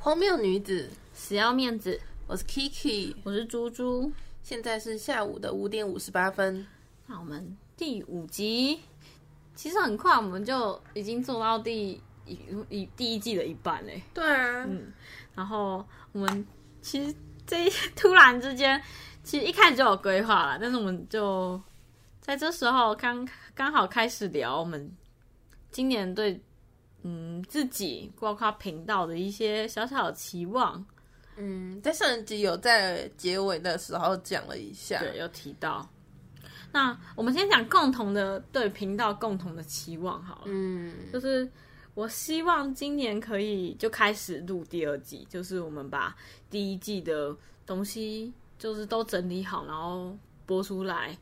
荒謬女子死要面子，我是 Kiki，我是豬豬。現在是下午的五點五十八分，那我們第五集，其實很快我們就已經做到第一一第一季的一半嘞、欸。對啊，嗯，然後我們其實這一突然之間，其實一開始就有規劃了，但是我們就在這時候剛剛好開始聊我們今年對。嗯，自己包括頻道的一些小小的期望，嗯，在上一集有在結尾的時候講了一下。對，有提到。那我們先講共同的對頻道共同的期望好了。嗯，就是我希望今年可以就開始錄第二季，就是我們把第一季的東西就是都整理好，然後播出來，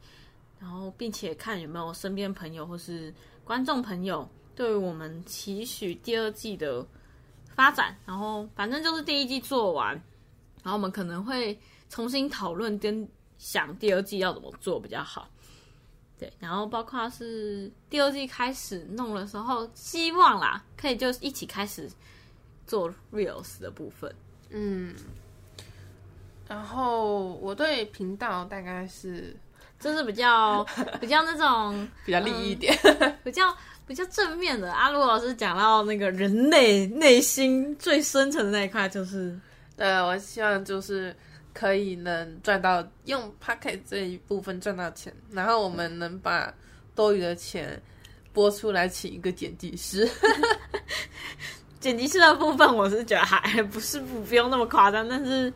然後並且看有沒有身邊朋友或是觀眾朋友。對，我們期許第二季的發展，然後反正就是第一季做完，然後我們可能會重新討論跟想第二季要怎麼做比較好。對，然後包括是第二季開始弄的時候，希望啦可以就一起開始做 reels 的部分。嗯，然後我對頻道大概是就是比較 比較那種比較利益一點、嗯、比較。比較正面的阿魯老師講到那個人類內心最深層的那一塊就是，對我希望就是可以能賺到用 podcast 這一部分賺到錢，然後我們能把多餘的錢撥出來請一個剪輯師。嗯、 剪輯師的部分我是覺得還不是不不用那麼誇張，但是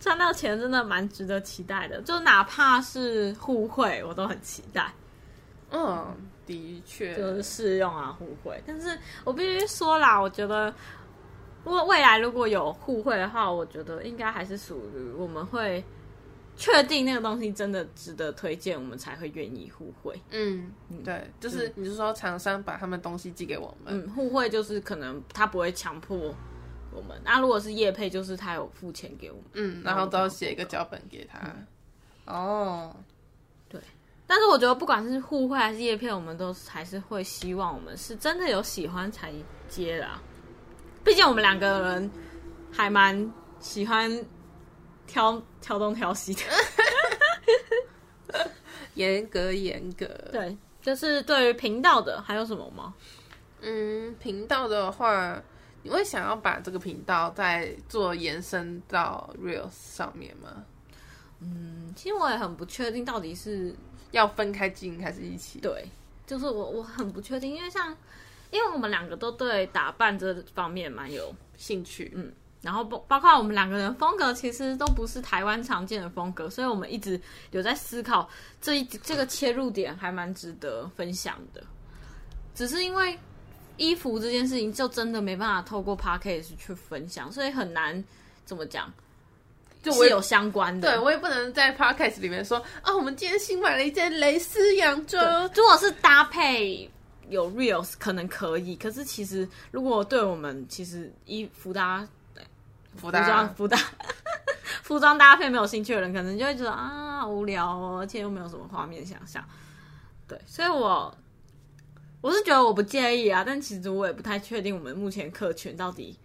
賺到錢真的蠻值得期待的，就哪怕是互惠，我都很期待，嗯。的確，就是試用啊互惠，但是我必須說啦，我覺得，如果未來如果有互惠的話，我覺得應該還是屬於我們會確定那個東西真的值得推薦，我們才會願意互惠。嗯，嗯對，就是你、嗯、是說廠商把他們東西寄給我們，嗯，互惠就是可能他不會強迫我們，那如果是業配，就是他有付錢給我們，嗯，然後都要寫一個腳本給他，嗯、哦。但是我覺得，不管是互惠還是業配，我們都還是會希望我們是真的有喜歡才接的。畢竟我們兩個人還蠻喜歡挑挑東挑西的，嚴 格嚴格。對，就是對於頻道的，還有什麼嗎？嗯，頻道的話，你會想要把這個頻道再做延伸到 Reels 上面嗎？嗯，其實我也很不確定到底是。要分開經營還是一起？對，就是我，我很不確定，因為像，因為我們兩個都對打扮這方面蠻有興趣，嗯，然後包包括我們兩個人風格其實都不是台灣常見的風格，所以我們一直有在思考這一這個切入點還蠻值得分享的，只是因為衣服這件事情就真的沒辦法透過 podcast 去分享，所以很難怎麼講。就我有相關的，對我也不能在 podcast 裡面說啊、哦，我們今天新買了一件蕾絲洋裝。如果是搭配有 Reels 可能可以，可是其實如果對我們其實衣服搭對服裝服裝搭,搭,搭配沒有興趣的人，可能就會覺得啊好無聊哦，而且又沒有什麼畫面想象。對，所以我我是覺得我不介意啊，但其實我也不太確定我們目前客群到底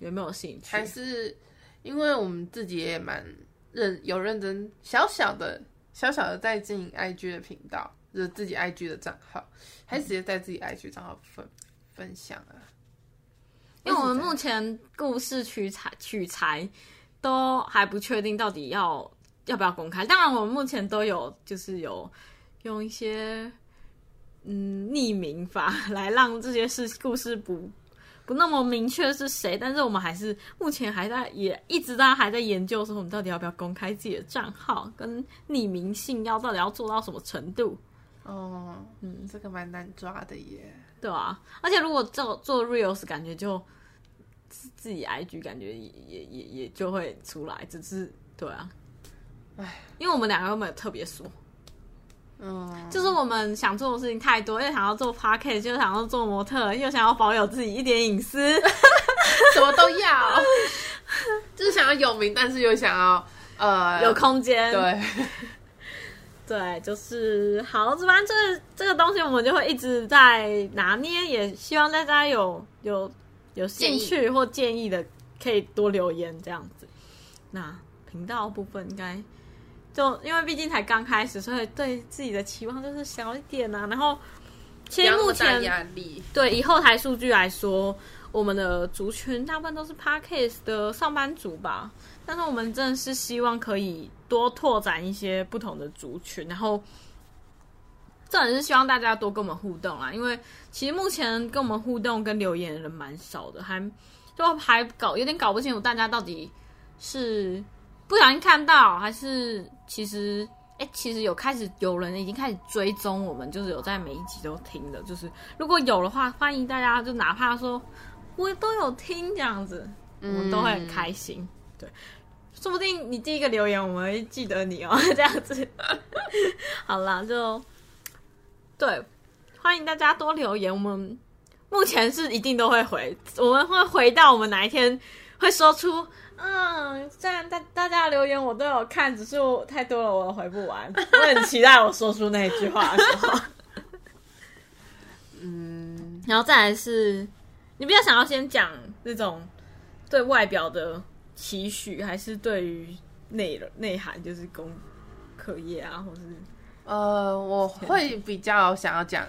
有沒有興趣，還是。因為我們自己也蠻認有認真小小的小小的在經營 IG 的頻道，就自己 IG 的賬號嗯、還直接在自己 IG 賬號分分享啊。因為我們目前故事取材取材都還不確定到底要要不要公開，當然我們目前都有就是有用一些嗯匿名法來讓這些事故事不不那麼明確是誰，但是我們還是目前還在也一直在還在研究說，我們到底要不要公開自己的賬號跟匿名性要到底要做到什麼程度？哦，嗯，這個蠻難抓的耶，對啊。而且如果做做 reels，感覺就自己 IG 感覺也也也也就會出來，只是對啊，唉，因為我們兩個又沒有特別熟。嗯，就是我們想做的事情太多，又想要做 podcast，就想要做模特，又想要保有自己一點隱私， 什麼都要， 就是想要有名，但是又想要呃有空間，對，對，就是好，這反正這，這個東西我們就會一直在拿捏，也希望大家有有有興趣或建議的，可以多留言這樣子。議那頻道部分應該。就因為畢竟才剛開始，所以對自己的期望就是小一點啊。然後，其實目前對以後台數據來說，我們的族群大部分都是 Podcast 的上班族吧。但是我們真的是希望可以多拓展一些不同的族群。然後，這也是希望大家多跟我們互動啊，因為其實目前跟我們互動、跟留言的人蠻少的，還就還搞有點搞不清楚大家到底是。不小心看到，還是其實，哎、欸，其實有開始有人已經開始追蹤我們，就是有在每一集都聽的，就是如果有的話，歡迎大家，就哪怕說我都有聽這樣子，我們都會很開心。嗯、對，說不定你第一個留言，我們會記得你哦，這樣子。 好了，就對，歡迎大家多留言，我們目前是一定都會回，我們會回到我們哪一天。會說出，嗯，雖然大大家留言我都有看，只是我太多了，我回不完。我很期待我說出那一句話的時候。 嗯，然後再來是你比較想要先講那種對外表的期許，還是對於內內涵，就是功課業啊，或者是呃，我會比較想要講，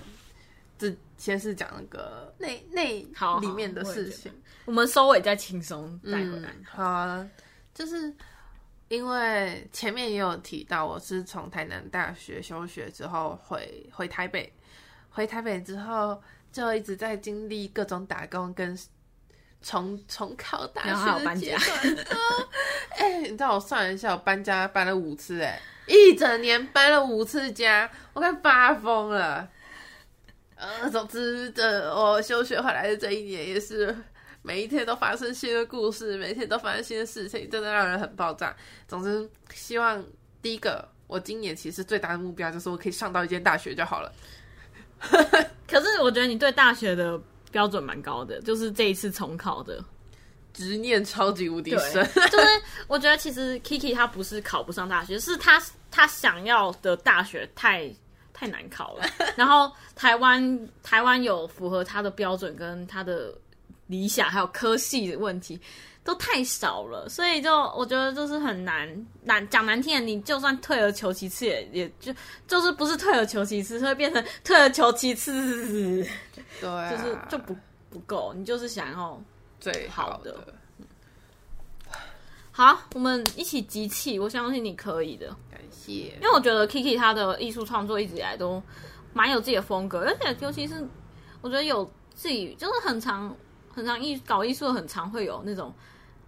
這先是講那個內內好裡面的事情。我們收尾再輕鬆帶回來。嗯、好、啊，就是因為前面也有提到，我是從台南大學休學之後回回台北，回台北之後就一直在經歷各種打工跟重重考大學。然後搬家。哎、欸，你知道我算一下，我搬家搬了五次，欸，哎，一整年搬了五次家，我快發瘋了。呃，總之，這，我休學回來的這一年也是。每一天都發生新的故事，每一天都發生新的事情，真的讓人很爆炸。總之，希望第一個，我今年其實最大的目標就是我可以上到一間大學就好了。可是我覺得你對大學的標準蠻高的，就是這一次重考的執念超級無敵深。對，就是我覺得其實 Kiki 他不是考不上大學，是他他想要的大學太太難考了。 然後台灣台灣有符合他的標準跟他的。理想，還有科系的問題都太少了，所以就我覺得就是很難難講難聽的。你就算退而求其次也，也也就就是不是退而求其次，會變成退而求其次、次，對、啊，就是就不不夠。你就是想要好最好的，嗯。好，我們一起集氣，我相信你可以的。感謝，因為我覺得 Kiki 他的藝術創作一直以來都蠻有自己的風格，而且尤其是我覺得有自己就是很常。很常藝搞藝術的，很常會有那種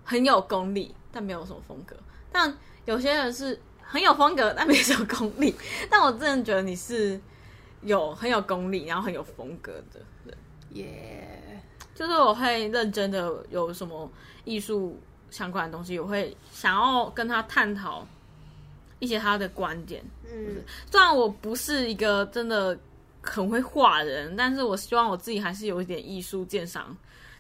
很有功力但沒有什麼風格，但有些人是很有風格但沒什麼功力。但我真的覺得你是有很有功力，然後很有風格的人，耶，Yeah. 就是我會認真的有什麼藝術相關的東西，我會想要跟他探討一些他的觀點。嗯，雖然我不是一個真的很會畫人，但是我希望我自己還是有一點藝術鑑賞。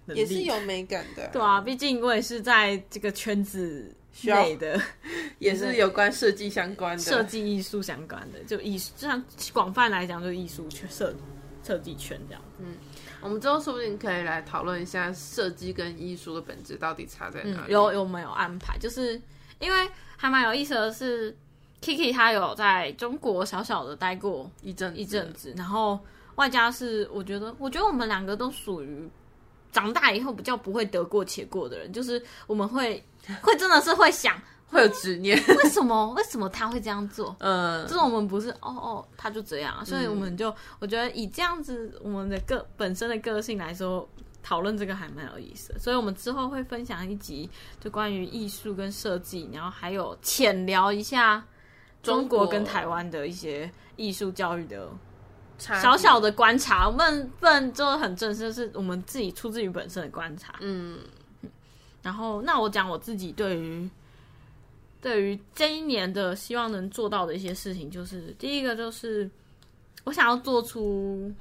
也是有美感的，啊，對啊，畢竟我也是在這個圈子內要的，也是有關設計相關的，設計藝術相關的，就藝這樣廣泛來講，就是藝術圈、設設計圈這樣。嗯，我們之後說不定可以來討論一下設計跟藝術的本質到底差在哪裡，嗯。有有沒有安排？就是因為還蠻有意思的是，Kiki 他有在中國小小的待過一陣一陣子，陣子，然後外加是我覺得，我覺得我們兩個都屬於。長大以後比較不會得過且過的人，就是我們會會真的是會想 會有執念、欸，為什麼為什麼他會這樣做？嗯，就是我們不是哦哦，他就這樣，所以我們就、嗯、我覺得以這樣子我們的個本身的個性來說，討論這個還蠻有意思的。所以我們之後會分享一集，就關於藝術跟設計，然後還有淺聊一下中國跟台灣的一些藝術教育的小小的觀察，不能不能就很正式，是我們自己出自於本身的觀察。嗯，然後那我講我自己對於對於這一年的希望能做到的一些事情，就是第一個就是我想要做出，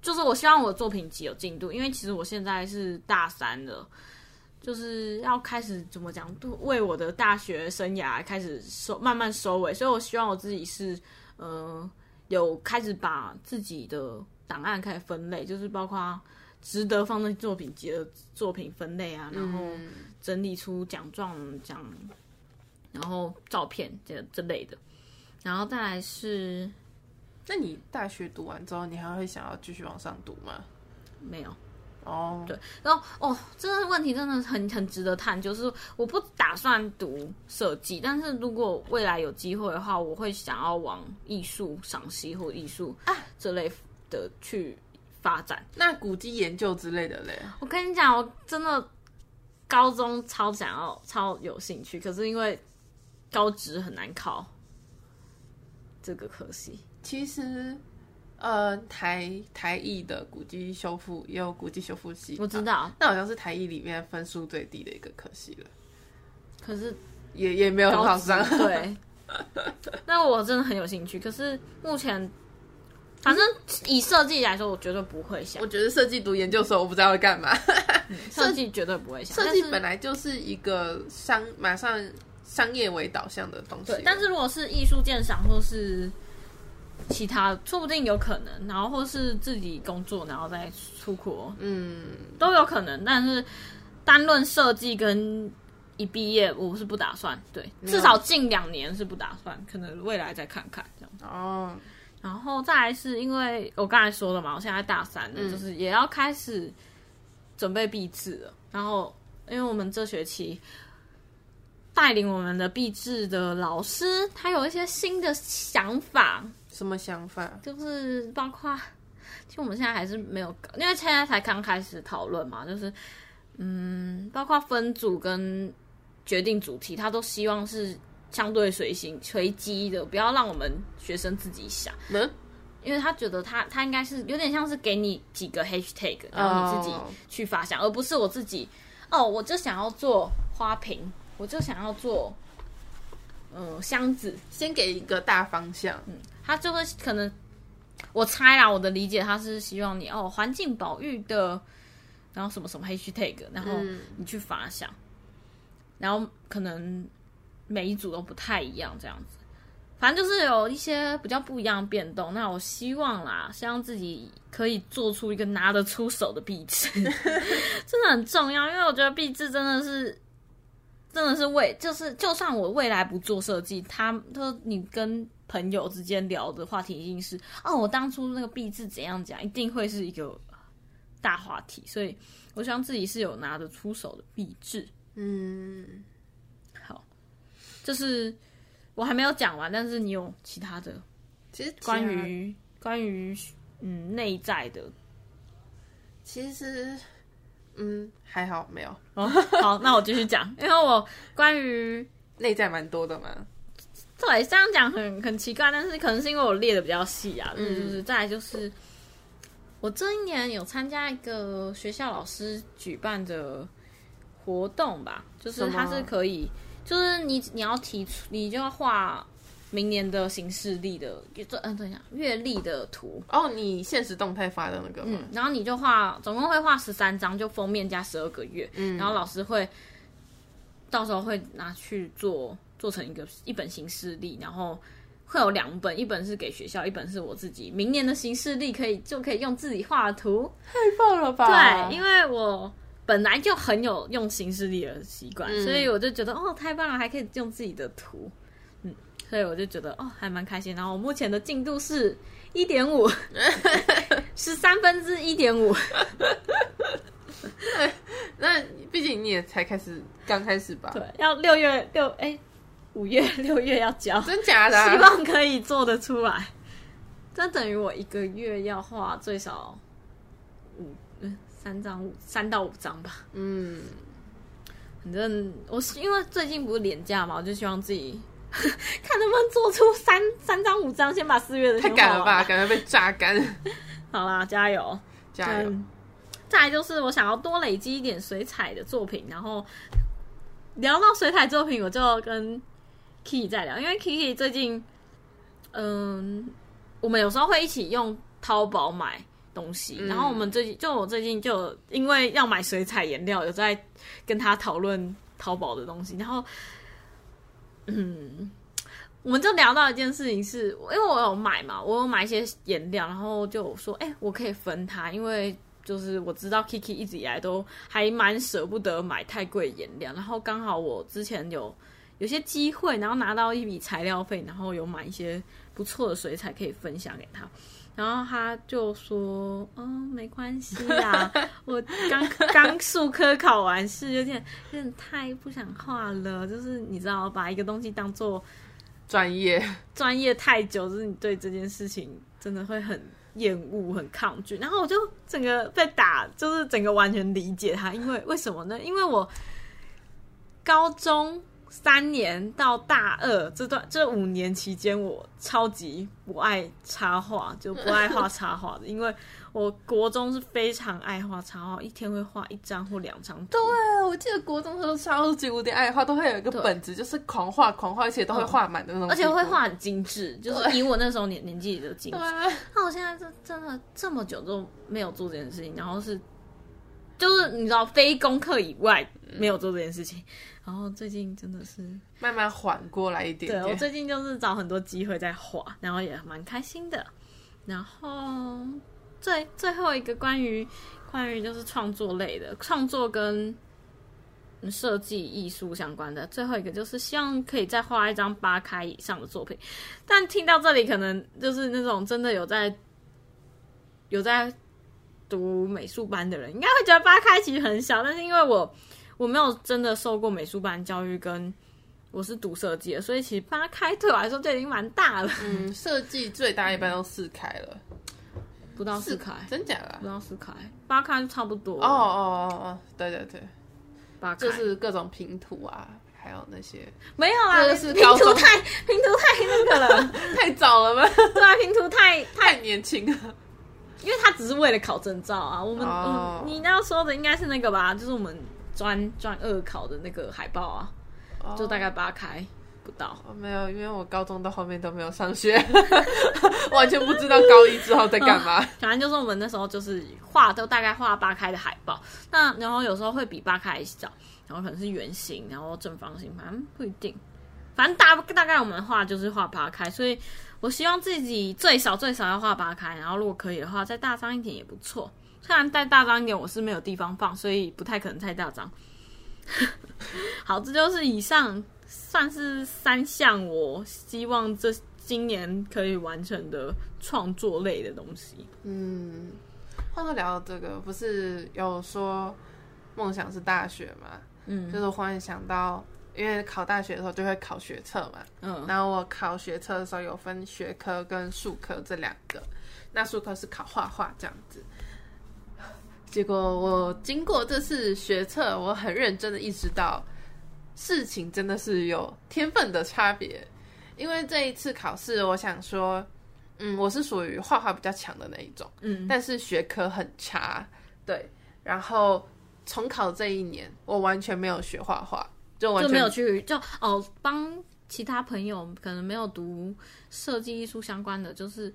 就是我希望我的作品集有進度，因為其實我現在是大三了，就是要開始怎麼講，為我的大學生涯開始收慢慢收尾，所以我希望我自己是嗯。呃有開始把自己的檔案開始分類，就是包括值得放在作品集的作品分類啊，嗯，然後整理出獎狀獎，然後照片這這類的，然後再來是，那你大學讀完之後，你還會想要繼續往上讀嗎？沒有。哦，oh。對，然後哦，這個問題，真的，真的很很值得探究。就是我不打算讀設計，但是如果未來有機會的話，我會想要往藝術賞析或藝術啊這類的去發展。那古蹟研究之類的嘞？我跟你講，我真的高中超想要，超有興趣，可是因為高職很難考，這個可惜。其實。呃，台台藝的古蹟修復有古蹟修復系，我知道。那、啊、好像是台藝裡面分數最低的一個可系科系了。可是也也沒有很好上。對。那 我真的很有興趣。可是目前，反正以設計來說，我絕對不會想。我覺得設計讀研究所，我不知道要幹嘛。設 計設絕對不會想。設計本來就是一個商，是馬上商業為導向的東西。但是如果是藝術鑑賞或是。其他說不定有可能，然後或是自己工作，然後再出國，嗯，都有可能。但是單論設計跟一畢業，我是不打算，對，有至少近兩年是不打算，可能未來再看看這樣子。哦，然後再來是因為我剛才說了嘛，我現在大三了，嗯、就是也要開始準備畢製了。然後因為我們這學期帶領我們的畢製的老師，他有一些新的想法。什麼想法？就是包括，其實我們現在還是沒有搞，因為現在才剛開始討論嘛。就是，嗯，包括分組跟決定主題，他都希望是相對隨性、隨機的，不要讓我們學生自己想。嗯，因為他覺得他他應該是有點像是給你幾個 hashtag，然後你自己去發想，oh. 而不是我自己。哦，我就想要做花瓶，我就想要做。嗯，箱子先給一個大方向，嗯，他就會可能，我猜啦，我的理解，他是希望你哦，環境保育的，然後什麼什麼 hashtag 然後你去發想，嗯、然後可能每一組都不太一樣這樣子，反正就是有一些比較不一樣的變動。那我希望啦，希望自己可以做出一個拿得出手的壁紙， 真的很重要，因為我覺得壁紙真的是。真的是未就是，就算我未來不做設計，他他你跟朋友之間聊的話題一定是哦，我當初那個畢製怎樣講，一定會是一個大話題。所以我想自己是有拿得出手的畢製。嗯，好，就是我還沒有講完，但是你有其他的，其實關於他關於嗯內在的，其實。嗯，還好沒有，哦。好，那我繼續講， 因為我關於內在蠻多的嘛。對，這樣講很很奇怪，但是可能是因為我列的比較細啊。嗯。就是，嗯，再來就是，我這一年有參加一個學校老師舉辦的活動吧，就是它是可以，麼就是你你要提出，你就要畫。明年的行事曆的月，嗯，等一下，月曆的圖。哦，你限時動態發的那個嗎？嗯,嗯，然後你就畫，總共會畫十三張，就封面加十二個月。嗯、然後老師會到時候會拿去做，做成一個一本行事曆，然後會有兩本，一本是給學校，一本是我自己。明年的行事曆可以，就可以用自己畫的圖，太棒了吧？對，因為我本來就很有用行事曆的習慣，嗯、所以我就覺得哦，太棒了，還可以用自己的圖。所以我就覺得哦，還蠻開心。然後我目前的進度是一點五，十三分之一點五。那畢竟你也才開始，剛開始吧？對，要六月六哎、欸，五月六月要交，真假的？希望可以做得出來。這等於我一個月要畫最少五嗯三張三到五張吧。嗯，反正我是因為最近不是連假嘛，我就希望自己。 看能不能做出三三張五張，先把四月的先畫完。太趕了吧，感覺被榨乾。 好啦，加油， 加油。Um, 再來就是我想要多累積一點水彩的作品。然後聊到水彩作品，我就要跟 Kiki 再聊，因為 Kiki 最近，嗯、呃，我們有時候會一起用淘寶買東西，嗯、然後我們最近就我最近就因為要買水彩顏料，有在跟他討論淘寶的東西，然後。嗯，我們就聊到的一件事情是，是因為我有買嘛，我有買一些顏料，然後就說，哎、欸，我可以分他，因為就是我知道 Kiki 一直以來都還蠻捨不得買太貴的顏料，然後剛好我之前有有些機會，然後拿到一筆材料費，然後有買一些不錯的水彩可以分享給他。然後他就說：“嗯、哦，沒關係啦，啊， 我剛剛數科考完試，有點有點太不想畫了。就是你知道，把一個東西當做專業，專業太久，就是你對這件事情真的會很厭惡、很抗拒。然後我就整個被打，就是整個完全理解他，因為為什麼呢？因為我高中。”三年到大二這段這五年期間，我超級不愛插畫，就不愛畫插畫的， 因為我國中是非常愛畫插畫，一天會畫一張或兩張。對，我記得國中的時候超級無敵愛畫，都會有一個本子，對就是狂畫狂畫，而且都會畫滿的那種。而且會畫很精緻，就是以我那時候年年紀就精緻。對，對那我現在就真的這麼久都沒有做這件事情，然後是就是你知道，非功課以外沒有做這件事情。嗯然後最近真的是慢慢緩過來一點點。對，我最近就是找很多機會在畫，然後也蠻開心的。然後最最後一個關於關於就是創作類的創作跟設計藝術相關的最後一個就是希望可以再畫一張八開以上的作品。但聽到這裡，可能就是那種真的有在有在讀美術班的人，應該會覺得八開其實很小，但是因為我。我沒有真的受過美術班教育，跟我是讀設計的，所以其實八開對我來說就已經蠻大了。嗯，設計最大一般都四開了，不到四,四開，真假的？不到四開，八開就差不多。哦哦哦哦，對對對，八開就是各種拼圖啊，還有那些沒有啊？就是拼圖太拼圖太那個了， 太早了吧？ 對啊，拼圖太太年輕了，因為他只是為了考證照啊。我們，oh. 嗯，你你要說的應該是那個吧？就是我們。專專二考的那個海報啊，就大概八開不到。哦哦。沒有，因為我高中到後面都沒有上學， 完全不知道高一之後在幹嘛。哦。反正就是我們那時候就是畫，都大概畫八開的海報。那然後有時候會比八開還小，然後可能是圓形，然後正方形，反正不一定。反正大大概我們畫就是畫八開，所以我希望自己最少最少要畫八開，然後如果可以的話，再大張一點也不錯。雖然帶大張一點，我是沒有地方放，所以不太可能太大張。 好，這就是以上 算是三項，我希望這今年可以完成的創作類的東西。嗯，話說聊到這個，不是有說夢想是大學嘛？嗯，就是我忽然想到，因為考大學的時候就會考學測嘛。嗯，然後我考學測的時候有分學科跟術科這兩個，那術科是考畫畫這樣子。結果我經過這次學測，我很認真的意識到，事情真的是有天分的差別。因為這一次考試，我想說，嗯，我是屬於畫畫比較強的那一種，嗯，但是學科很差，對。然後重考這一年，我完全沒有學畫畫，就完全就沒有去，就哦，幫其他朋友可能沒有讀設計藝術相關的，就是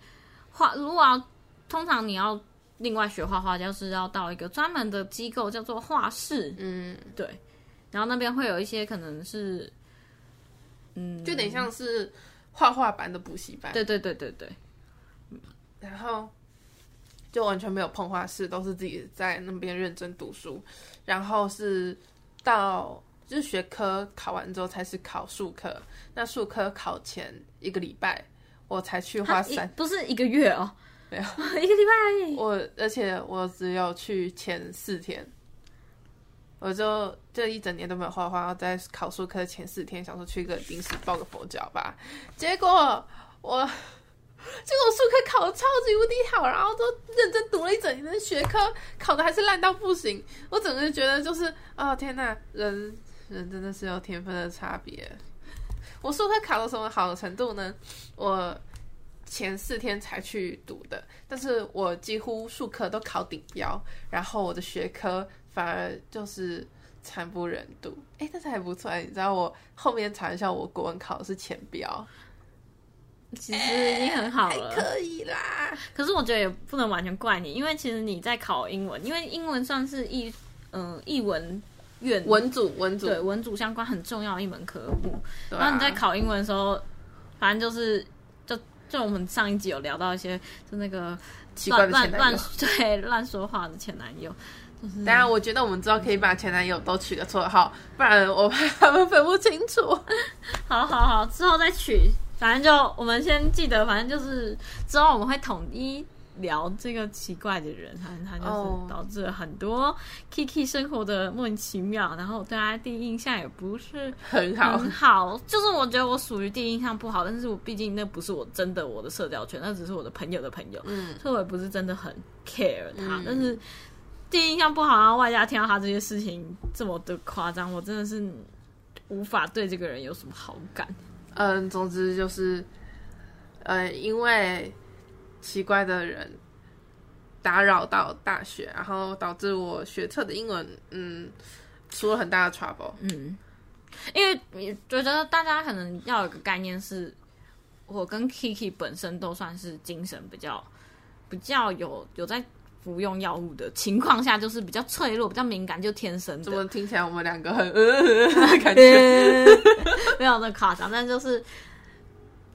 畫。如果要通常你要。另外學畫畫，就是要到一個專門的機構，叫做畫室。嗯，對。然後那邊會有一些可能是，嗯，就等於像是畫畫班的補習班。對，對對對對對。然後就完全沒有碰畫室，都是自己在那邊認真讀書。然後是到就是學科考完之後，才是考數科。那數科考前一個禮拜，我才去畫室，都是一個月哦。沒有一個禮拜，我而且我只有去前四天，我就就一整年都沒有畫畫。要在考數科前四天，想說去個臨時抱個佛腳吧。結果我結果數科考的超級無敵好，然後都認真讀了一整年的學科，考的還是爛到不行。我整個就覺得就是啊，哦，天吶，人人真的是有天分的差別。我數科考到什麼好的程度呢？我。前四天才去讀的，但是我幾乎數科都考頂標，然後我的學科反而就是慘不忍睹。哎、欸，但是還不錯，欸，你知道我後面查一下我國文考的是前標，其實已經很好了，欸，可以啦。可是我覺得也不能完全怪你，因為其實你在考英文，因為英文算是一嗯一文文文組文組對文組相關很重要的一門科目。啊、然後你在考英文的時候，反正就是。就我們上一集有聊到一些，就那個奇怪的前男友，對，亂說話的前男友。當、就、然、是，但我覺得我們之後可以把前男友都取個綽號，不然我怕他們分不清楚。好好好，之後再取，反正就我們先記得，反正就是之後我們會統一。聊這個奇怪的人，他他就是導致了很多 Kiki 生活的莫名其妙，oh. 然後對他第一印象也不是很好，很好 就是我覺得我屬於第一印象不好，但是我畢竟那不是我真的我的社交圈，那只是我的朋友的朋友，嗯、所以我也不是真的很 care 他，嗯、但是第一印象不好然後外加聽到他這些事情這麼的誇張，我真的是無法對這個人有什麼好感。嗯，總之就是，呃、嗯，因為。奇怪的人打擾到大學，然後導致我學測的英文，嗯，出了很大的 trouble。嗯，因為我覺得大家可能要有個概念，是我跟 Kiki 本身都算是精神比較、比較有有在服用藥物的情況下，就是比較脆弱、比較敏感，就天生。怎麼聽起來我們兩個很呃，呃，呃、感覺 沒有那麼的誇張， 但就是。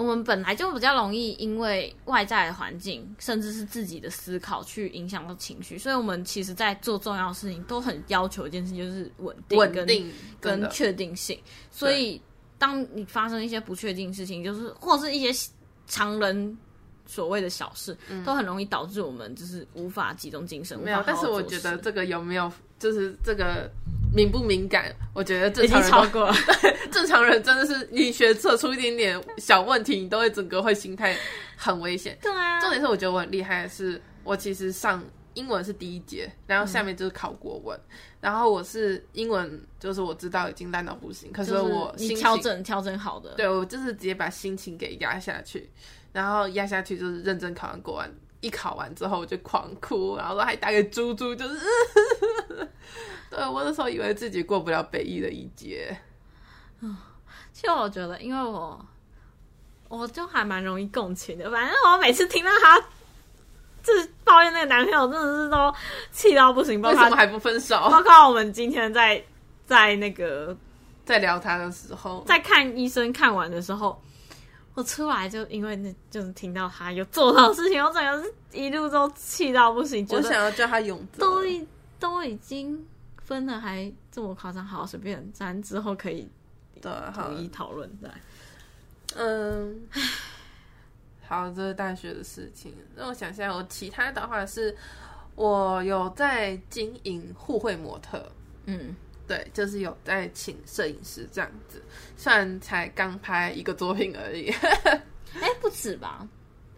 我們本來就比較容易因為外在的環境，甚至是自己的思考去影響到情緒，所以我們其實在做重要的事情都很要求一件事，就是穩定跟、穩定、跟確定性。所以，當你發生一些不確定事情，就是或者是一些常人，所謂的小事、嗯、都很容易導致我們就是無法集中精神。沒有，好好，但是我覺得這個有沒有就是這個敏不敏感？我覺得正常人超過了。 正常人真的是你學測出一點點小問題，你都會整個會心態很危險。對啊。重點是我覺得我很厲害的是，我其實上英文是第一節，然後下面就是考國文，嗯、然後我是英文就是我知道已經爛到不行，可是我心情是你調整調整好的，對，我就是直接把心情給壓下去。然後壓下去就是認真考完過完，一考完之後我就狂哭，然後還打給豬豬，就是，呵呵，對，我那時候以為自己過不了北藝的一階。嗯，其實我覺得，因為我，我就還蠻容易共情的。反正我每次聽到他，就是抱怨那個男朋友，真的是都氣到不行。為什麼還不分手？包括我們今天在在那個在聊他的時候，在看醫生看完的時候。我出來就因為那就是聽到他有做到事情，我整個是一路都氣到不行。我想要叫他勇。都都已經分了，還這麼誇張？好，好，隨便，咱之後可以的。一討論。再嗯，好，這是大學的事情。讓我想想，我其他的話是，我有在經營互惠模特。嗯。對，就是有在請攝影師這樣子，雖然才剛拍一個作品而已，哎、欸，不止吧？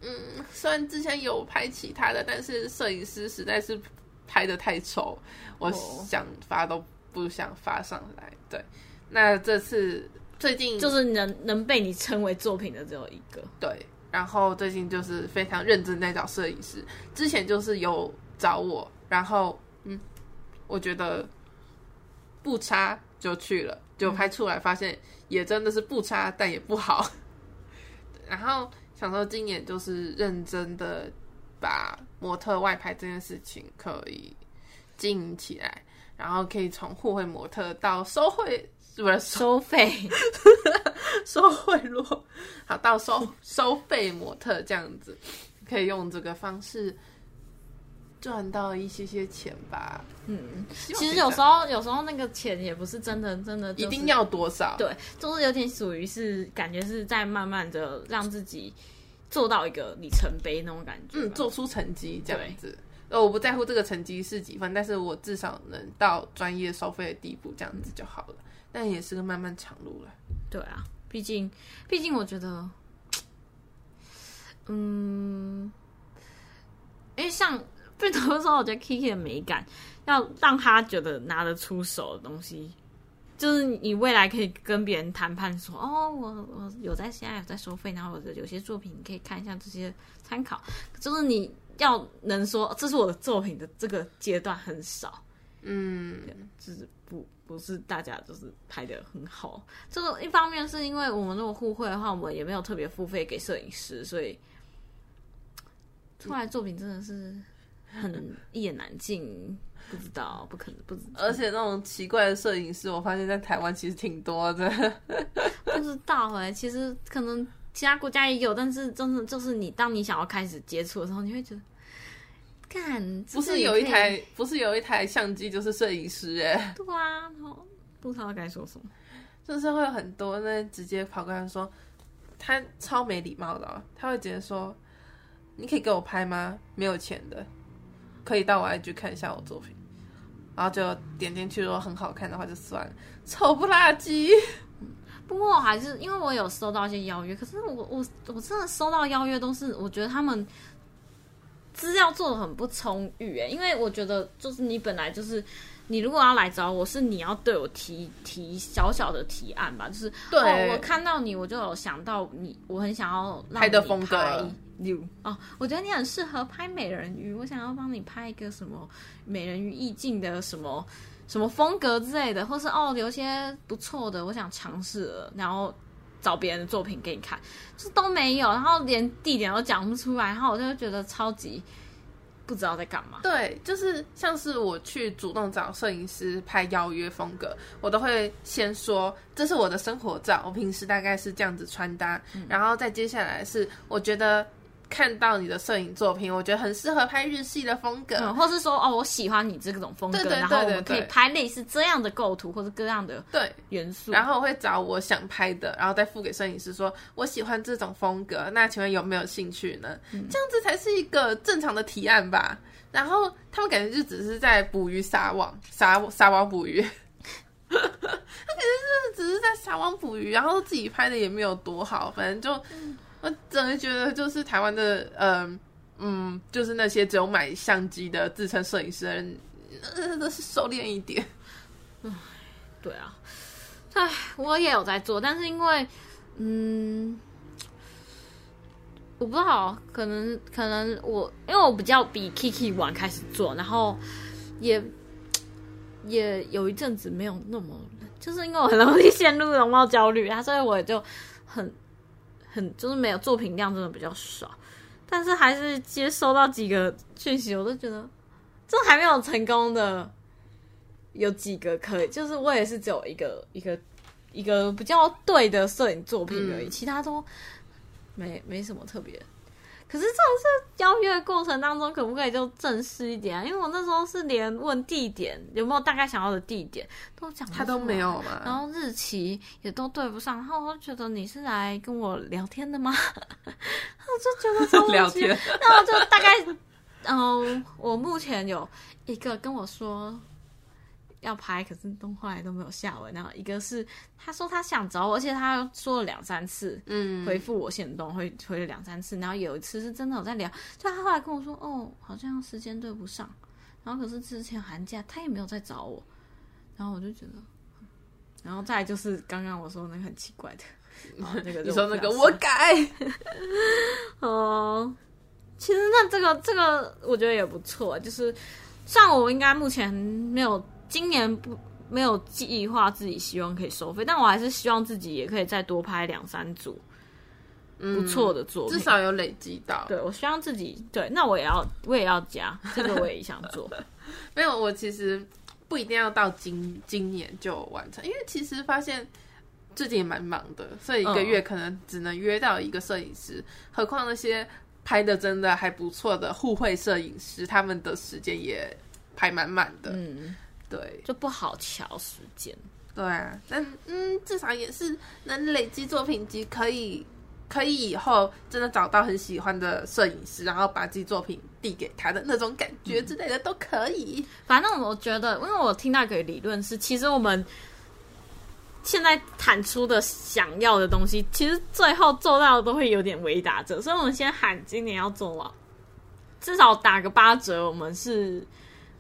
嗯，雖然之前有拍其他的，但是攝影師實在是拍得太醜，我想發都不想發上來。Oh. 對，那這次最近就是能能被你稱為作品的只有一個。對，然後最近就是非常認真在找攝影師，之前就是有找我，然後嗯，我覺得。不差就去了，就拍出來發現也真的是不差，但也不好。 然後想說今年就是認真的把模特外拍這件事情可以經營起來，然後可以從互惠模特到收惠是不是收費， 收賄賂，好到收收費模特這樣子，可以用這個方式。賺到一些些錢吧，嗯，其實有時候有時候那個錢也不是真的真的、就是、一定要多少，對，就是有點屬於是感覺是在慢慢的讓自己做到一個里程碑那種感覺，嗯，做出成績這樣子。對我不在乎這個成績是幾分，但是我至少能到專業收費的地步這樣子就好了。嗯、但也是個漫漫長路了。對啊，畢竟畢竟我覺得，嗯，因、欸、為像。更多時候， 我覺得 Kiki 的美感要讓他覺得拿得出手的東西，就是你未來可以跟別人談判說：“哦，我我有在現在有在收費，然後我覺得有些作品你可以看一下這些參考。”就是你要能說這是我的作品的這個階段很少，嗯，就是不不是大家就是拍的很好。這種一方面是因為我們如果互惠的話，我們也沒有特別付費給攝影師，所以出來作品真的是。很一言難盡，不知道，不可能，不知道。而且那種奇怪的攝影師，我發現在台灣其實挺多的。不知道回、欸、其實可能其他國家也有，但是真的就是你，當你想要開始接觸的時候，你會覺得，幹，不是有一台，不是有一台相機就是攝影師哎、欸，對啊，然後不知道該說什麼，就是會有很多人直接跑過來說，他超沒禮貌的、哦，他會直接說，你可以給我拍嗎？沒有錢的。可以到我 IG 看一下我作品，然後就點進去說很好看的話就算了，醜不拉幾。不過我還是因為我有收到一些邀約，可是我我我真的收到的邀約都是我覺得他們資料做的很不充裕哎、欸，因為我覺得就是你本來就是你如果要來找我是你要對我提提小小的提案吧，就是對、哦，我看到你我就有想到你，我很想要拍得風的風格。牛 You. 哦，我覺得你很適合拍美人魚，我想要幫你拍一個什麼美人魚意境的什麼什麼風格之類的，或是哦有些不錯的，我想嘗試了，然後找別人的作品給你看，這都沒有，然後連地點都講不出來，然後我就覺得超級不知道在幹嘛。對，就是像是我去主動找攝影師拍邀約風格，我都會先說這是我的生活照，我平時大概是這樣子穿搭，嗯，然後再接下來是我覺得。看到你的攝影作品，我覺得很適合拍日系的風格，嗯，或是說哦，我喜歡你這種風格，對對對對對。然後我們可以拍類似這樣的構圖，或是各樣的對元素。然後我會找我想拍的，然後再付給攝影師說，說我喜歡這種風格，那請問有沒有興趣呢？嗯，這樣子才是一個正常的提案吧。然後他們感覺就只是在捕魚撒網，撒撒網捕魚， 他感覺是只是在撒網捕魚，然後自己拍的也沒有多好，反正就。嗯我真的覺得，就是台灣的，嗯、呃、嗯，就是那些只有買相機的自稱攝影師的人，呃、都是收斂一點、嗯。對啊，唉，我也有在做，但是因為，嗯，我不知道，可能可能我因為我比較比 Kiki 晚開始做，然後也也有一陣子沒有那麼，就是因為我很容易陷入容貌焦慮啊，所以我就很。很就是沒有作品量，真的比較少，但是還是接收到幾個訊息，我都覺得這還沒有成功的，有幾個可以，就是我也是只有一個一個一個比較對的攝影作品而已，嗯。其他都沒沒什麼特別。可是這種是邀約的過程當中，可不可以就正式一點啊？因為我那時候是連問地點有沒有大概想要的地點都講，他都沒有了。然後日期也都對不上，然後我就覺得你是來跟我聊天的嗎？ 然後我就覺得聊天，那我就大概，嗯、呃，我目前有一個跟我說。要拍，可是動畫也都沒有下文。然後一個是他說他想找我，而且他說了兩三次，嗯，回復我先動，回回了兩三次。然後有一次是真的我在聊，就他後來跟我說，哦，好像時間對不上。然後可是之前寒假他也沒有再找我，然後我就覺得，然後再就是剛剛我說那個很奇怪的，那、嗯、個就我說你說那個我改哦、 嗯，其實那這個這個我覺得也不錯，就是算我應該目前沒有。今年不，沒有計劃，自己希望可以收費，但我還是希望自己也可以再多拍兩三組不錯的作品，嗯，至少有累積到。對，我希望自己對，那我也要我也要加， 這個我也想做。 沒有，我其實不一定要到今今年就完成，因為其實發現自己也蠻忙的，所以一個月可能只能約到一個攝影師。嗯，何況那些拍的真的還不錯的互惠攝影師，他們的時間也排滿滿的。嗯。對，就不好喬時間。對、啊，但嗯，至少也是能累積作品集，可以可以以後真的找到很喜歡的攝影師，然後把自己作品遞給他的那種感覺之類的、嗯、都可以。反正我覺得，因為我聽到個理論是，其實我們現在談出的想要的東西，其實最後做到的都會有點微打折。所以，我們先喊今年要做網、啊，至少打個八折。我們是。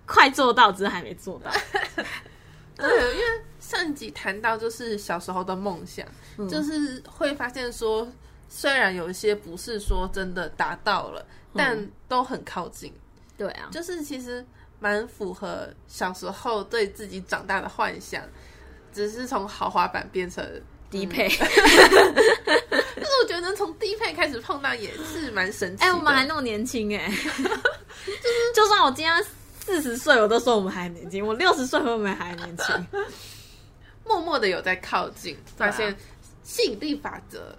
快做到，只是還沒做到。 對，因為上集談到就是小時候的夢想，嗯、就是會發現說，雖然有一些不是說真的達到了，嗯、但都很靠近。對啊，就是其實蠻符合小時候對自己長大的幻想，只是從豪華版變成低配。但、嗯、 是我覺得能從低配開始碰到也是蠻神奇。哎、欸，我們還那麼年輕哎、欸， 就是就算我今天。四十歲我都說我們還年輕，我六十歲我們還年輕？ 默默的有在靠近，發現吸引、啊、力法則。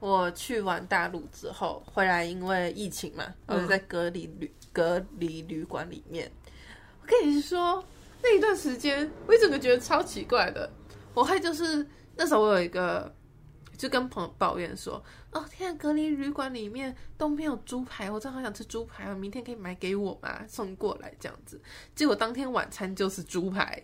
我去完大陸之後回來，因為疫情嘛，我在隔離旅、嗯、隔離旅館裡面。我跟你說，那一段時間我一整個覺得超奇怪的。我還就是那時候我有一個。就跟朋友抱怨說：“哦天啊，隔離旅館裡面都沒有豬排，我真的好想吃豬排啊！明天可以買給我嗎？送過來這樣子。”結果當天晚餐就是豬排，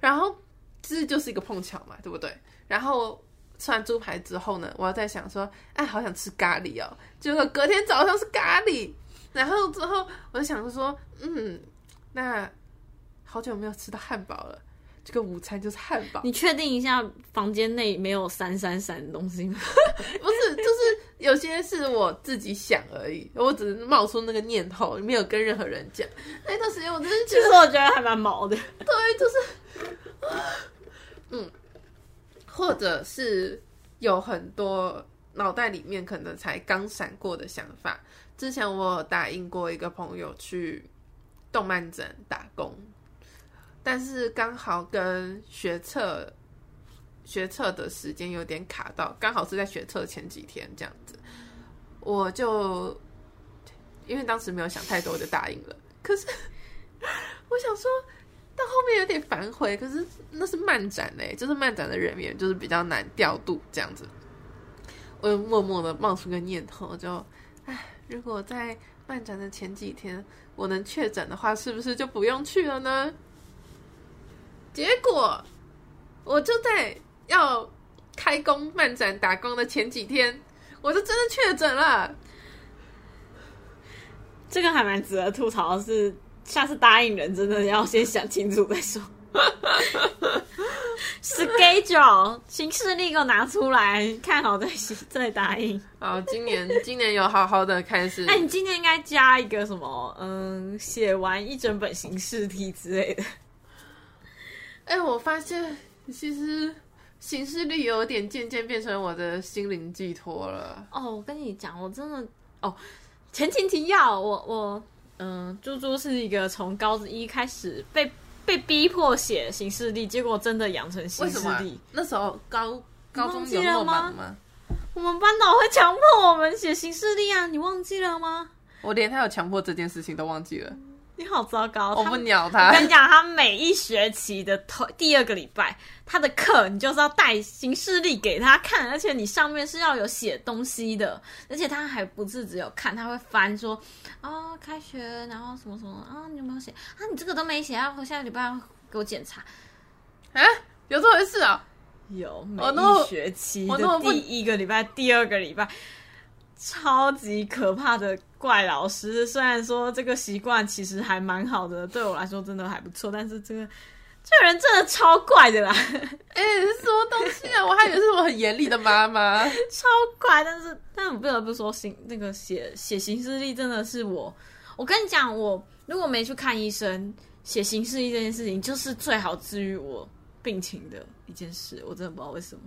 然後這就是一個碰巧嘛，對不對？然後吃完豬排之後呢，我又在想說：“哎，好想吃咖喱哦！”結果隔天早上是咖喱，然後之後我就想說：“嗯，那好久沒有吃到漢堡了。”這個午餐就是漢堡。你確定一下，房間內沒有閃閃閃的東西嗎？ 不是，就是有些是我自己想而已，我只是冒出那個念頭，沒有跟任何人講。那段時間，我真的其實我覺得還蠻毛的。對，就是， 嗯，或者是有很多腦袋裡面可能才剛閃過的想法。之前我有答應過一個朋友去動漫展打工。但是剛好跟學測學測的時間有點卡到，剛好是在學測前幾天這樣子，我就因為當時沒有想太多，我就答應了。可是我想說到後面有點反悔，可是那是漫展呢、欸？就是漫展的人員就是比較難調度這樣子，我又默默的冒出個念頭就，就唉，如果在漫展的前幾天我能確診的話，是不是就不用去了呢？結果，我就在要開工漫展打工的前幾天，我就真的確診了。這個還蠻值得吐槽的是，下次答應人真的要先想清楚再說。是 schedule，行事曆給我拿出來，看好再寫，再答應。好，今年今年有好好的開始。哎， 你今年應該加一個什麼？嗯，寫完一整本行事曆之類的。哎、欸，我發現其實行事曆有點漸漸變成我的心靈寄託了。哦，我跟你講，我真的哦，前情提要，我我嗯，豬、呃、豬是一個從高一開始被被逼迫寫行事曆，結果真的養成行事曆為什麼。那時候高高中有嗎，嗎？我們班導會強迫我們寫行事曆啊，你忘記了嗎？我連他有強迫這件事情都忘記了。你好糟糕！我不鳥他。他，我跟你講，他每一學期的頭第二個禮拜，他的課你就是要帶新視力給他看，而且你上面是要有寫東西的，而且他還不是只有看，他會翻說啊、哦，開學然後什麼什麼啊，你有沒有寫啊？你這個都沒寫，要下禮拜要給我檢查。哎、欸，有這回事啊？有，每一學期的第一個禮拜、第二個禮拜。超級可怕的怪老師，雖然說這個習慣其實還蠻好的，對我來說真的還不錯。但是這個這個、人真的超怪的啦！哎、欸，什麼東西啊？ 我還以為是我很嚴厲的媽媽，超怪。但是，但是我不得不說行，行那個寫寫行事曆真的是我。我跟你講，我如果沒去看醫生，寫行事曆這件事情就是最好治癒我病情的一件事。我真的不知道為什麼，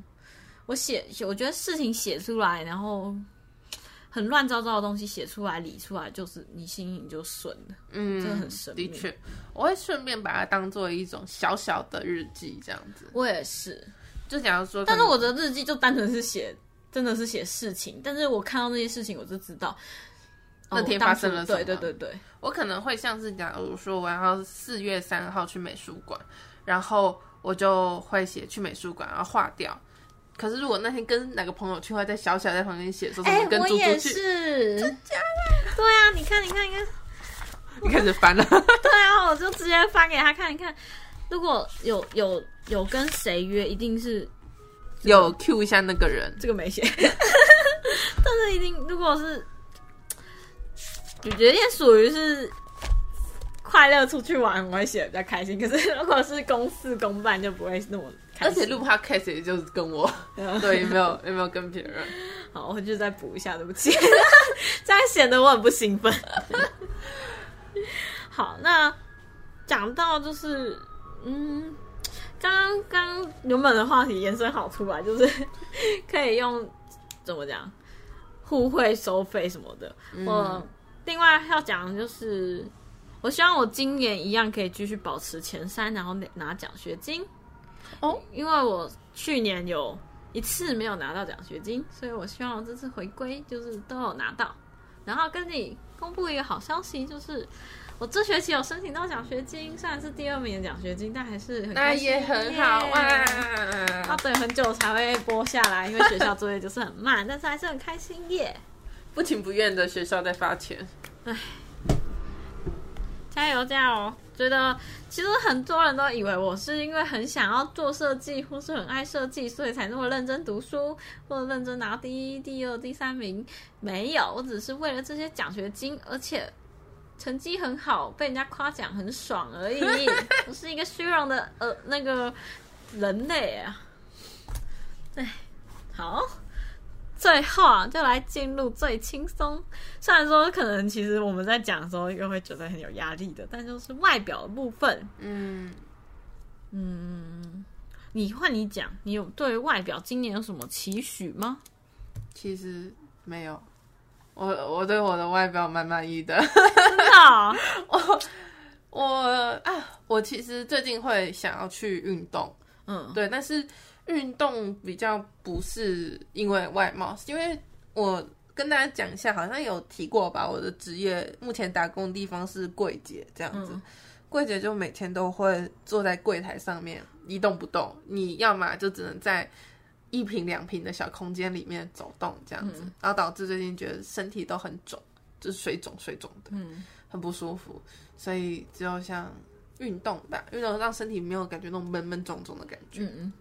我寫我覺得事情寫出來，然後。很亂糟糟的東西寫出來理出來，就是你心情就順了，嗯，真的很神。的確，我會順便把它當做一種小小的日記這樣子。我也是，就假如說，但是我的日記就單純是寫，真的是寫事情。但是我看到那些事情，我就知道、哦、那天發生了什麼。對對對對，我可能會像是假如說，我要四月三號去美術館，然後我就會寫去美術館，然後劃掉。可是，如果那天跟哪個朋友去的話，在小小在旁邊寫說：“哎、欸，我也是，真假的。”對啊，你看，你看，你看，你開始翻了。對啊，我就直接翻給他看一看。如果有有有跟誰約，一定是、這個、有 Q 一下那個人。這個沒寫， 但是一定，如果是你覺得也屬於是快樂出去玩，我會寫得比較開心。可是如果是公事公辦，就不會那麼。而且錄 podcast 也就是跟我 對，沒有也沒有跟別人，啊。好，我就再補一下，對不起， 這樣顯得我很不興奮。 好，那講到就是，嗯，剛剛剛原本的話題延伸好出來，就是可以用怎麼講互惠收費什麼的。嗯，我另外要講的就是，我希望我今年一樣可以繼續保持前三，然後拿獎學金。哦，因為我去年有一次沒有拿到獎學金，所以我希望這次回歸就是都有拿到。然後跟你公布一個好消息，就是我這學期有申請到獎學金，雖然是第二名的獎學金，但還是很開心。那也很好玩！要等耶、啊、很久才會播下來，因為學校作業就是很慢， 但是還是很開心耶。不情不願的學校在發錢，唉，加油加油！覺得其實很多人都以為我是因為很想要做設計，或是很愛設計，所以才那麼認真讀書，或者認真拿第一、第二、第三名。沒有，我只是為了這些獎學金，而且成績很好，被人家誇獎很爽而已。我是一個虛榮的呃那個人類啊。哎，好。最後啊，就來進入最輕鬆。雖然說可能其實我們在講的時候，又會覺得很有壓力的，但就是外表的部分。嗯嗯，你換你講，你有對外表今年有什麼期許嗎？其實沒有，我我對我的外表蠻滿意的。 好我我啊，我其實最近會想要去運動。嗯，對，但是。運動比較不是因為外貌，因為我跟大家講一下，好像有提過吧。我的職業目前打工的地方是櫃姐，這樣子，櫃姐、嗯、就每天都會坐在櫃檯上面一動不動。你要麼就只能在一坪兩坪的小空間裡面走動，這樣子，嗯、然後導致最近覺得身體都很腫，就是水腫、水腫的，嗯、很不舒服。所以只有像運動吧，運動讓身體沒有感覺那種悶悶腫腫的感覺，嗯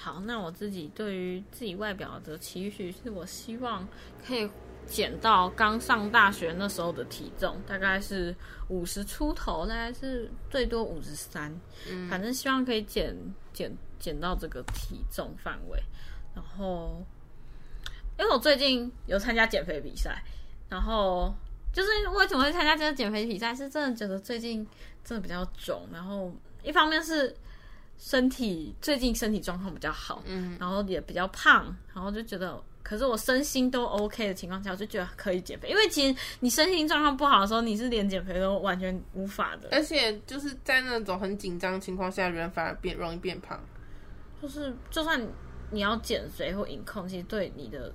好，那我自己對於自己外表的期許，是我希望可以減到剛上大學那時候的體重，大概是五十出頭，大概是最多五十三，反正希望可以減減減到這個體重範圍。然後，因為我最近有參加減肥比賽，然後就是為什麼會參加這個減肥比賽，是真的覺得最近真的比較腫，然後一方面是。身體最近身體狀況比較好，嗯，然後也比較胖，然後就覺得，可是我身心都 OK 的情況下，我就覺得可以減肥。因為其實你身心狀況不好的時候，你是連減肥都完全無法的。而且就是在那種很緊張的情況下，人反而變容易變胖。就是就算你要減肥或飲控，其實對你的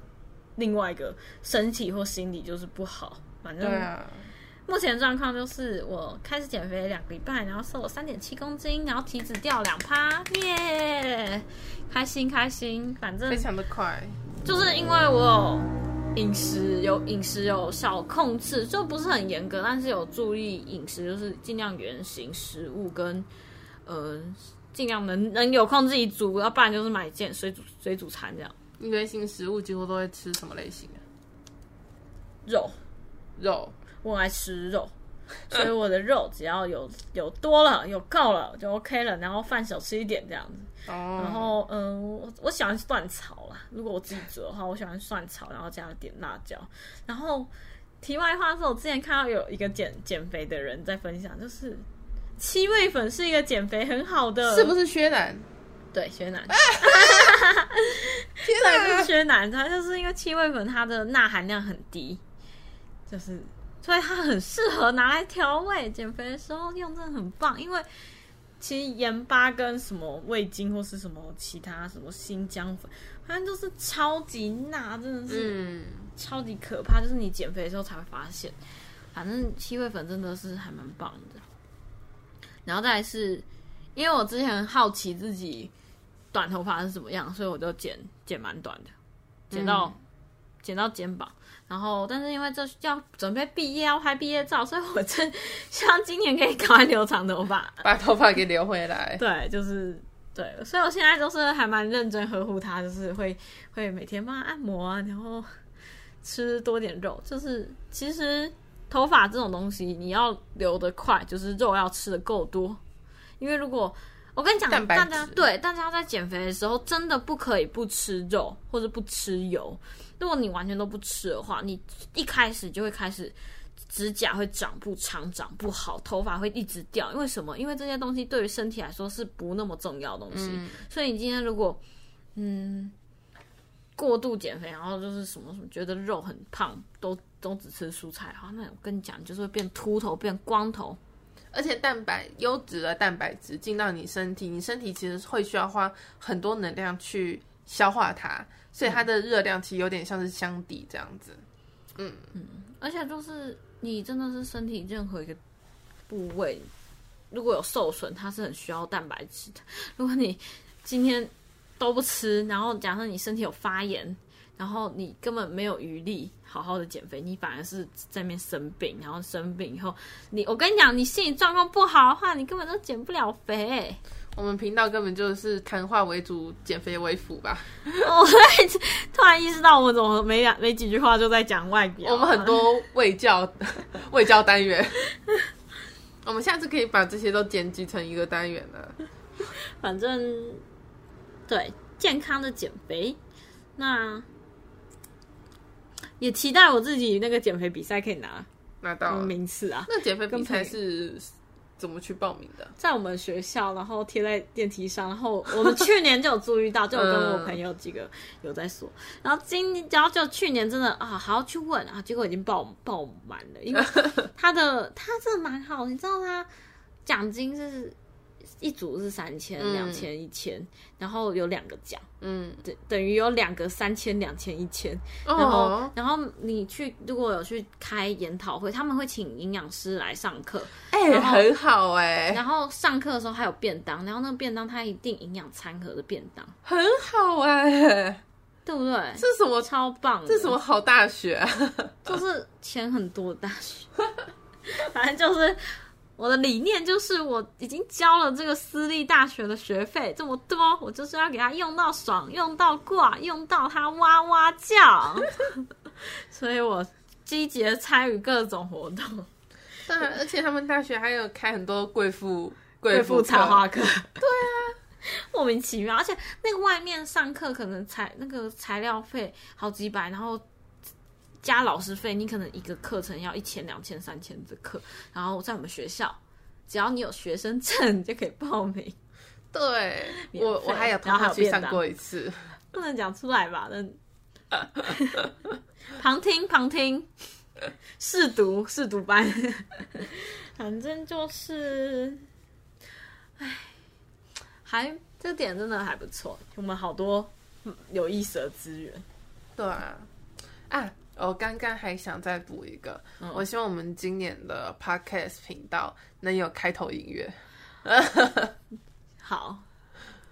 另外一個身體或心理就是不好。反正。目前狀況就是我開始減肥，兩個禮拜，然後瘦了三點七公斤，然後體脂掉兩趴，耶，yeah! 開心開心。反正非常的快，就是因為我有飲食有飲食有小控制，就不是很嚴格，但是有注意飲食，就是盡量原型食物跟呃盡量能能有空自己煮，要不然就是買一件水煮水煮餐這樣。原型食物幾乎都會吃什麼類型的、啊、肉，肉。我愛吃肉，所以我的肉只要有有多了，有夠了就 OK 了，然後飯少吃一點這樣子。Oh. 然後，嗯，我我喜歡蒜炒啦。如果我自己煮的話，我喜歡蒜炒，然後加一點辣椒。然後，題外話是我之前看到有一個減減肥的人在分享，就是七味粉是一個減肥很好的，是不是薛？薛楠，對，薛楠。啊、 天吶，啊！不是薛楠，它就是因為七味粉它的鈉含量很低，就是。所以它很適合拿來調味，減肥的時候用真的很棒。因為其實鹽巴跟什麼味精或是什麼其他什麼新疆粉，反正就是超級辣，真的是，超級可怕。嗯、就是你減肥的時候才會發現，反正七味粉真的是還蠻棒的。然後再來是因為我之前很好奇自己短頭髮是什麼樣，所以我就剪剪蠻短的，剪到、嗯、剪到肩膀。然後，但是因為這要準備畢業，要拍畢業照，所以我真希望今年可以趕快留長頭髮，把頭髮給留回來。對，就是對，所以我現在就是還蠻認真呵護他，就是會會每天幫它按摩啊，然後吃多點肉。就是其實頭髮這種東西，你要留得快，就是肉要吃的夠多，因為如果我跟你講，大家對大家在減肥的時候，真的不可以不吃肉或者，不吃油。如果你完全都不吃的話，你一開始就會開始指甲會長不長、長不好，頭髮會一直掉。因為什麼？因為這些東西對於身體來說是不那麼重要的東西。嗯、所以你今天如果嗯過度減肥，然後就是什麼什麼，覺得肉很胖，都都只吃蔬菜，好，那我跟你講，就是會變禿頭、變光頭。而且蛋白優質的蛋白質進到你身體，你身體其實會需要花很多能量去消化它，所以它的熱量其實有點像是相抵這樣子。嗯嗯，嗯而且就是你真的是身體任何一個部位如果有受損，它是很需要蛋白質的。如果你今天都不吃，然後假設你身體有發炎，然後你根本沒有餘力。好好的減肥，你反而是在面生病，然後生病以後，你我跟你講，你心理狀況不好的話，你根本都減不了肥，欸。我們頻道根本就是談話為主，減肥為輔吧。 我突然意識到，我怎麼沒兩沒幾句話就在講外表。我們很多衛教衛 教單元， 我們下次可以把這些都剪輯成一個單元了。反正對健康的減肥，那。也期待我自己那個減肥比賽可以拿拿到名次啊！那減肥比賽是怎麼去報名的？在我們學校，然後貼在電梯上，然後我們去年就有注意到， 就有跟我朋友幾個有在說，嗯、然後今然後就去年真的啊，還要去問啊，結果已經報報滿了，因為他的 他真的蠻好，你知道他獎金就是。一組是三千、兩千、一千，然後有兩個獎，嗯、哦，等等於有兩個三千、兩千、一千，然後然後你去如果有去開研討會，他們會請營養師來上課，哎、欸，然後很好哎、欸，然後上課的時候還有便當，然後那個便當它一定營養餐盒的便當，很好哎、欸，對不對？這是什麼超棒？這是什麼好大學、啊？就是錢很多的大學， 反正就是。我的理念就是，我已經交了這個私立大學的學費這麼多，我就是要給他用到爽，用到掛，用到他哇哇叫。 所以我積極參與各種活動。當然 而且他們大學還有開很多貴婦、貴婦插花課。對啊，莫名其妙。而且那個外面上課，可能才那個材料費好幾百，然後。加老師費，你可能一個課程要一千、兩千、三千的課。然後在我們學校，只要你有學生證你就可以報名。對，免費，我我還有同學去上過一次，不能講出來吧？旁聽 旁聽，試讀試讀班， 反正就是，哎，還這點真的還不錯。我們好多有意思的資源。對啊，啊。我剛剛還想再補一個，嗯、我希望我們今年的 Podcast 頻道能有開頭音樂。 好，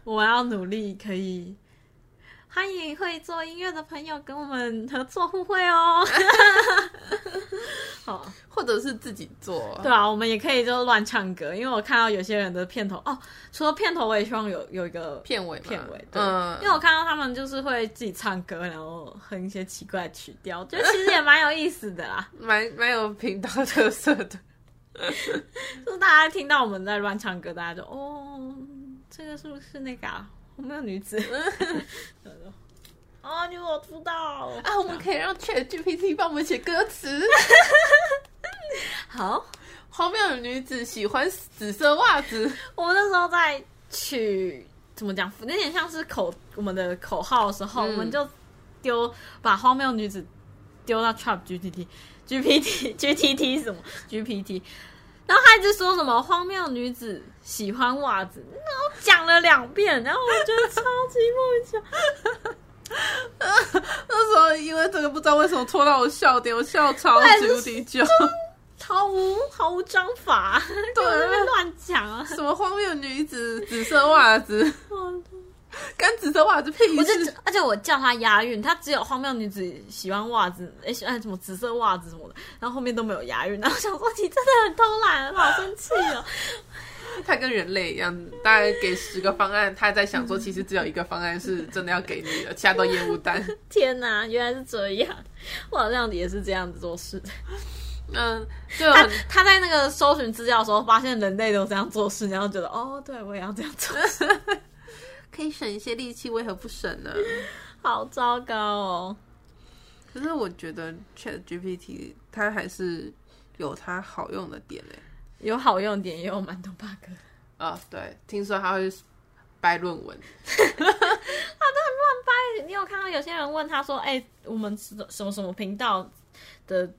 我要努力，可以。歡迎會做音樂的朋友跟我們合作互惠哦。 好，或者是自己做，對吧、啊？我們也可以就亂唱歌。因為我看到有些人的片頭哦，除了片頭，我也希望有有一個片尾，片尾對。嗯、因為我看到他們就是會自己唱歌，然後哼一些奇怪的曲調，覺得其實也蠻有意思的啦，蠻蠻 有頻道特色的。 就是大家聽到我們在亂唱歌，大家就哦，這個是不是那個啊？荒謬女子， 啊，你我知道。啊，我們可以讓 Chat GPT 幫我們寫歌詞。 好，荒謬女子喜歡紫色襪子。我們那時候在取怎麼講，有點像是口我們的口號的時候，嗯、我們就丟把荒謬女子丟到 Trap GPT，GPT，GPT 什麼 GPT。 然後他一直說什麼荒謬女子喜歡襪子，然後講了兩遍，然後我覺得超級夢想。那時候因為這個不知道為什麼戳到我笑點，我笑超級、就是、 無敵久，毫無毫無章法。 對，亂講啊， 啊什麼荒謬女子紫色襪子。 跟紫色襪子屁事，而且我叫他押韻，他只有荒謬女子喜歡襪子，哎，喜歡什麼紫色襪子什麼的，然後後面都沒有押韻。那我想說，你真的很偷懶，好生氣哦！ 他跟人類一樣，大概給十個方案，他在想說，其實只有一個方案是真的要給你的， 其他都煙霧彈。天哪，原來是這樣！我好像也是這樣子做事。嗯，對他，他在那個搜尋資料的時候發現人類都這樣做事，然後覺得哦，對我也要這樣做。 可以、欸、省一些力氣，為何不省呢？好糟糕哦！可是我覺得 ChatGPT 它還是有它好用的點嘞、欸，有好用的點，也有蠻多 bug。啊、哦，對，聽說它會掰論文，啊， 他都很亂掰。你有看到有些人問他說：“哎、欸，我們什麼什麼頻道？”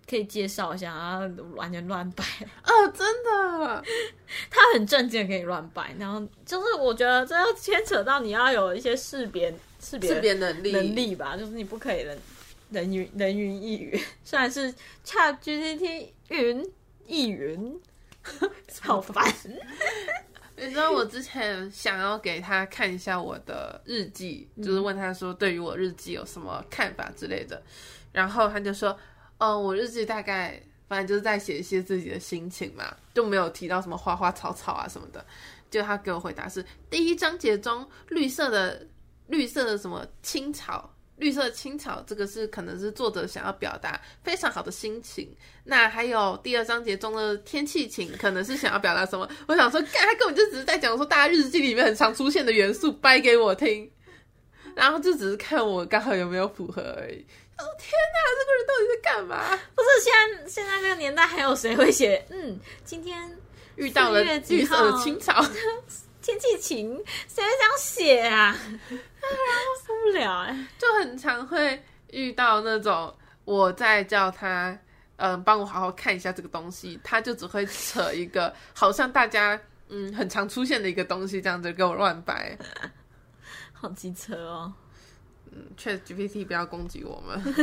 可以介紹一下啊，然後完全亂擺啊！真的， 他很正經，可以亂擺。然後就是，我覺得這要牽扯到你要有一些識別、識別能力能力吧，力就是你不可以人，人云人云亦云，雖 然是 ChatGPT 雲亦云， 好煩煩。 你知道我之前想要給他看一下我的日記，嗯、就是問他說對於我日記有什麼看法之類的，然後他就說。嗯，我日記大概反正就是在寫一些自己的心情嘛，就沒有提到什麼花花草草啊什麼的。就他給我回答是，第一章節中綠色的綠色的什麼青草，綠色的青草，這個是可能是作者想要表達非常好的心情。那還有第二章節中的天氣晴，可能是想要表達什麼？我想說，他根本就只是在講說大家日記裡面很常出現的元素掰給我聽，然後就只是看我剛好有沒有符合而已。天哪，這個人到底在幹嘛？不是現在，現在這個年代還有誰會寫？嗯，今天遇到了綠色的青草，天氣晴，誰會這樣寫啊？啊受不了哎、欸，就很常會遇到那種，我在叫他，嗯，幫我好好看一下這個東西，他就只會扯一個，好像大家嗯很常出現的一個東西這樣子給我亂掰，好機車哦。嗯，ChatGPT 不要攻擊我們。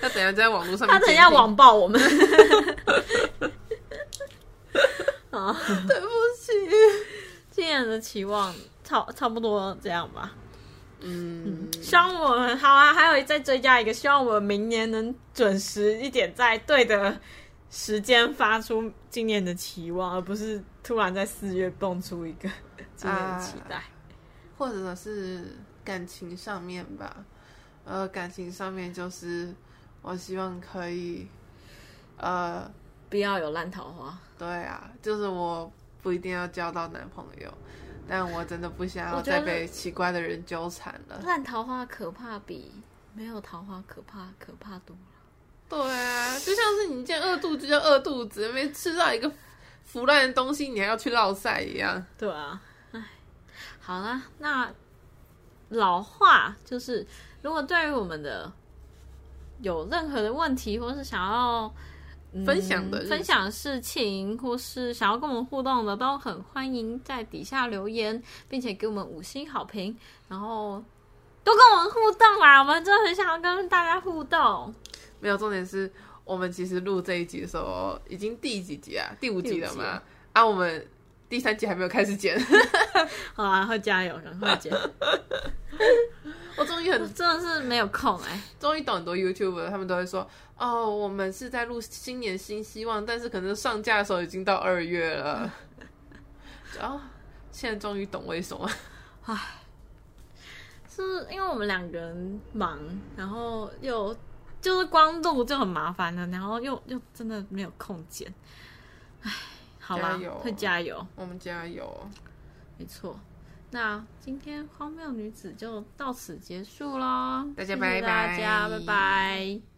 他怎樣在網絡上？他怎樣網暴我們？啊，對不起， 今年的期望差差不多這樣吧。嗯，嗯，希望我們好啊。還有再追加一個，希望我們明年能準時一點，在對的時間發出今年的期望，而不是突然在四月蹦出一個今年的期待，啊、或者是。感情上面吧，呃，感情上面就是我希望可以，呃，不要有爛桃花。對啊，就是我不一定要交到男朋友，但我真的不想要再被奇怪的人糾纏了。爛桃花可怕，比沒有桃花可怕可怕多了。對啊，就像是你今天餓肚子就餓肚子，沒吃到一個腐爛的東西，你還要去落賽一樣。對啊，哎，好啦，啊，那。老話就是，如果對於我們的有任何的問題，或是想要、嗯、分享的分享事情，或是想要跟我們互動的，都很歡迎在底下留言，並且給我們五星好評，然後多跟我們互動啦！我們真的很想要跟大家互動。沒有重點是我們其實錄這一集的時候，已經第幾集啊？第五集了嗎？啊，我們。第三集還沒有開始剪， 好啊，會加油，趕快剪。 我終於很真的是沒有空哎、欸，終於懂很多 YouTuber，他們都會說哦，我們是在錄新年新希望，但是可能上架的時候已經到二月了。哦， 現在終於懂為什麼，哎， 是因為我們兩個人忙，然後又就是光錄就很麻煩了，然後又又真的沒有空剪，哎。會加油，我們加油，沒錯。那今天荒謬女子就到此結束嘍，謝謝，大家拜拜！